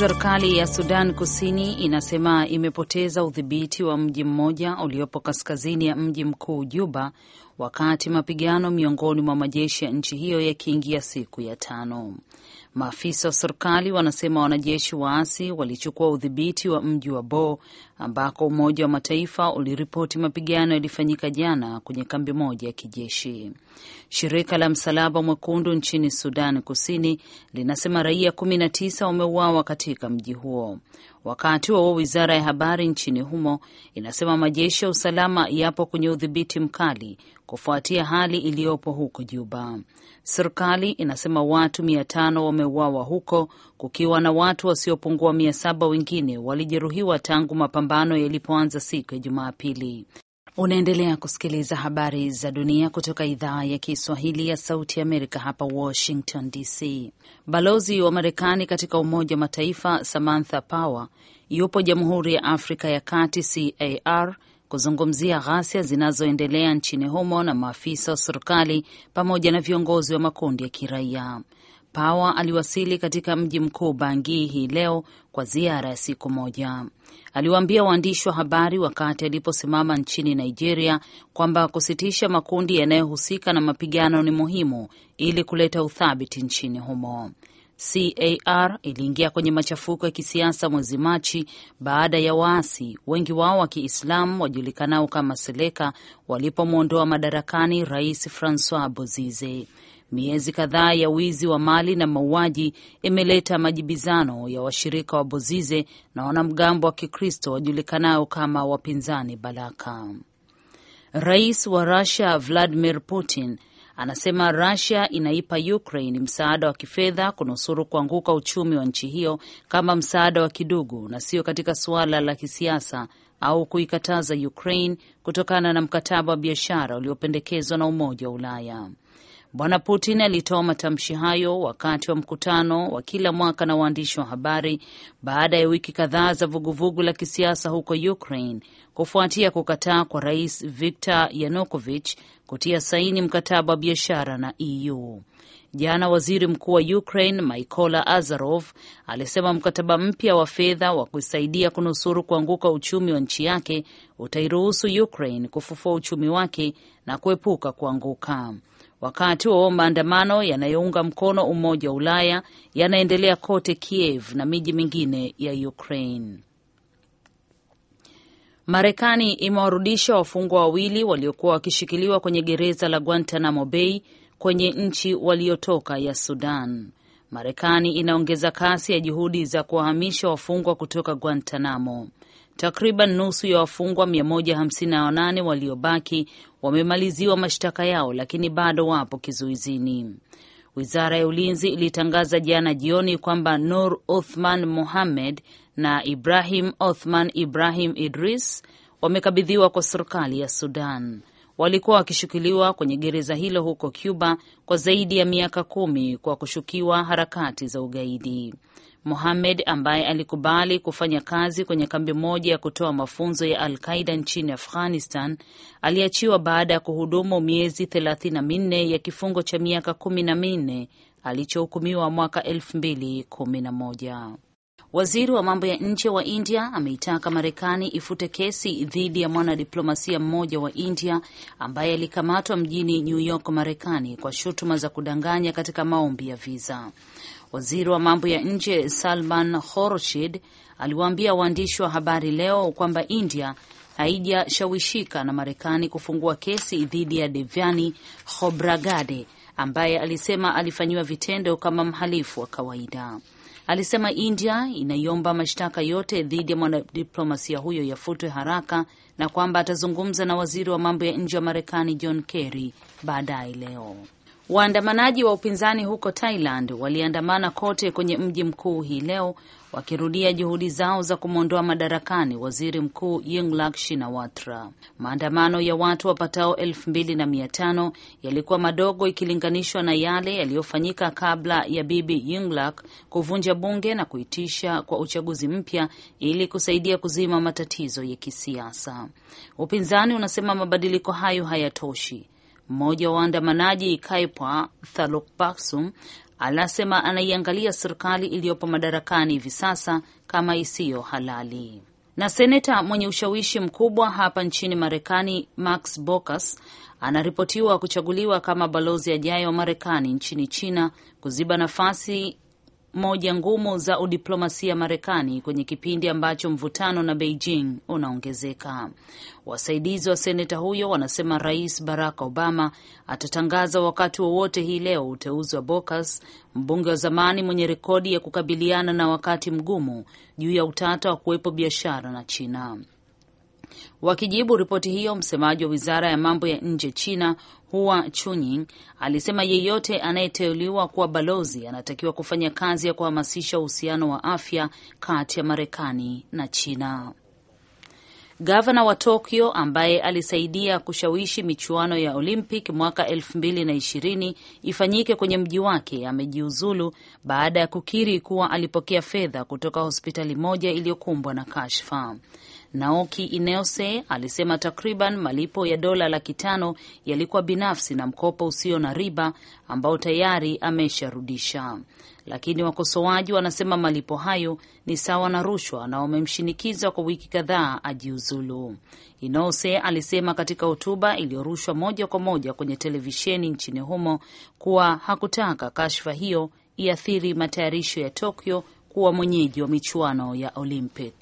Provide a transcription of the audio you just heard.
Serikali ya Sudan Kusini inasema imepoteza udhibiti wa mji mmoja uliopo kaskazini ya mji mkuu Juba, wakati mapigano miongoni mwa majeshi ya nchi hiyo yakiingia siku ya tano. Maafisa wa serikali wanasema wanajeshi waasi walichukua udhibiti wa mji wa Bo ambako Umoja wa Mataifa uliripoti mapigano yalifanyika jana kwenye kambi moja ya kijeshi. Shirika la Msalaba Mwekundu nchini Sudan Kusini linasema raia 19 wameuawa wakati katika mji huo. Wakati huo wizara ya habari nchini humo inasema majeshi ya usalama yapo kwenye udhibiti mkali kufuatia hali iliyopo huko Juba. Serikali inasema watu mia tano wameuawa huko, kukiwa na watu wasiopungua mia saba wengine walijeruhiwa tangu mapambano yalipoanza siku ya Jumapili. Unaendelea kusikiliza habari za dunia kutoka idhaa ya Kiswahili ya Sauti ya Amerika hapa Washington DC. Balozi wa Marekani katika Umoja wa Mataifa Samantha Power yupo Jamhuri ya Afrika ya Kati CAR kuzungumzia ghasia zinazoendelea nchini humo na maafisa wa serikali pamoja na viongozi wa makundi ya kiraia. Pawa aliwasili katika mji mkuu bangi hii leo kwa ziara ya siku moja. Aliwaambia waandishi wa habari wakati aliposimama nchini Nigeria kwamba kusitisha makundi yanayohusika na mapigano ni muhimu ili kuleta uthabiti nchini humo. CAR iliingia kwenye machafuko ya kisiasa mwezi Machi baada ya waasi wengi wao wa Kiislamu wajulikanao kama Seleka walipomwondoa madarakani Rais Francois Bozize. Miezi kadhaa ya wizi wa mali na mauaji imeleta majibizano ya washirika wa Bozize na wanamgambo wa Kikristo wajulikanao kama wapinzani Balaka. Rais wa rusia Vladimir Putin anasema Russia inaipa Ukraine msaada wa kifedha kunusuru kuanguka uchumi wa nchi hiyo kama msaada wa kidugu na sio katika suala la kisiasa au kuikataza Ukraine kutokana na mkataba wa biashara uliopendekezwa na Umoja wa Ulaya. Bwana Putin alitoa matamshi hayo wakati wa mkutano wa kila mwaka na waandishi wa habari baada ya wiki kadhaa za vuguvugu la kisiasa huko Ukraine kufuatia kukataa kwa Rais Viktor Yanukovych kutia saini mkataba wa biashara na EU. Jana waziri mkuu wa Ukraine Mykola Azarov alisema mkataba mpya wa fedha wa kusaidia kunusuru kuanguka uchumi wa nchi yake utairuhusu Ukraine kufufua uchumi wake na kuepuka kuanguka. Wakati wa maandamano yanayounga mkono umoja wa Ulaya yanaendelea kote Kiev na miji mingine ya Ukraine. Marekani imewarudisha wafungwa wawili waliokuwa wakishikiliwa kwenye gereza la Guantanamo Bay kwenye nchi waliotoka ya Sudan. Marekani inaongeza kasi ya juhudi za kuwahamisha wafungwa kutoka Guantanamo. Takriban nusu ya wafungwa 158 waliobaki wamemaliziwa mashtaka yao, lakini bado wapo kizuizini. Wizara ya ulinzi ilitangaza jana jioni kwamba Nur Othman Mohammed na Ibrahim Othman Ibrahim Idris wamekabidhiwa kwa serikali ya Sudan walikuwa wakishukuliwa kwenye gereza hilo huko Cuba kwa zaidi ya miaka kumi kwa kushukiwa harakati za ugaidi. Mohamed ambaye alikubali kufanya kazi kwenye kambi moja ya kutoa mafunzo ya Al-Qaida nchini Afghanistan aliachiwa baada ya kuhudumu miezi thelathini na minne ya kifungo cha miaka kumi na minne alichohukumiwa mwaka elfu mbili kumi na moja. Waziri wa mambo ya nje wa India ameitaka Marekani ifute kesi dhidi ya mwanadiplomasia mmoja wa India ambaye alikamatwa mjini New York, Marekani, kwa shutuma za kudanganya katika maombi ya viza. Waziri wa mambo ya nje Salman horshid aliwaambia waandishi wa habari leo kwamba India haijashawishika na Marekani kufungua kesi dhidi ya Devyani Khobragade ambaye alisema alifanyiwa vitendo kama mhalifu wa kawaida alisema India inaiomba mashtaka yote dhidi ya mwanadiplomasia huyo yafutwe haraka na kwamba atazungumza na waziri wa mambo ya nje wa Marekani John Kerry baadaye leo. Waandamanaji wa upinzani huko Thailand waliandamana kote kwenye mji mkuu hii leo wakirudia juhudi zao za kumwondoa madarakani waziri mkuu Yingluck Shinawatra. Maandamano ya watu wapatao elfu mbili na mia tano yalikuwa madogo ikilinganishwa na yale yaliyofanyika kabla ya bibi Yingluck kuvunja bunge na kuitisha kwa uchaguzi mpya ili kusaidia kuzima matatizo ya kisiasa. Upinzani unasema mabadiliko hayo hayatoshi. Mmoja wa waandamanaji Kaipwa Thalukbasum anasema anaiangalia serikali iliyopo madarakani hivi sasa kama isiyo halali. Na seneta mwenye ushawishi mkubwa hapa nchini Marekani Max Bocas anaripotiwa kuchaguliwa kama balozi ajaye wa Marekani nchini China kuziba nafasi moja ngumu za udiplomasia Marekani kwenye kipindi ambacho mvutano na Beijing unaongezeka. Wasaidizi wa seneta huyo wanasema Rais Barack Obama atatangaza wakati wowote wa hii leo uteuzi wa Bokas, mbunge wa zamani mwenye rekodi ya kukabiliana na wakati mgumu juu ya utata wa kuwepo biashara na China. Wakijibu ripoti hiyo, msemaji wa wizara ya mambo ya nje China Hua Chunying alisema yeyote anayeteuliwa kuwa balozi anatakiwa kufanya kazi ya kuhamasisha uhusiano wa afya kati ya Marekani na China. Gavana wa Tokyo ambaye alisaidia kushawishi michuano ya Olympic mwaka ishirini ifanyike kwenye mji wake amejiuzulu baada ya kukiri kuwa alipokea fedha kutoka hospitali moja iliyokumbwa na kashfa. Naoki Ineose alisema takriban malipo ya dola laki tano yalikuwa binafsi na mkopo usio na riba ambao tayari amesharudisha, lakini wakosoaji wanasema malipo hayo ni sawa na rushwa na wamemshinikiza kwa wiki kadhaa ajiuzulu. Inose alisema katika hotuba iliyorushwa moja kwa moja kwenye televisheni nchini humo kuwa hakutaka kashfa hiyo iathiri matayarisho ya Tokyo kuwa mwenyeji wa michuano ya Olympic.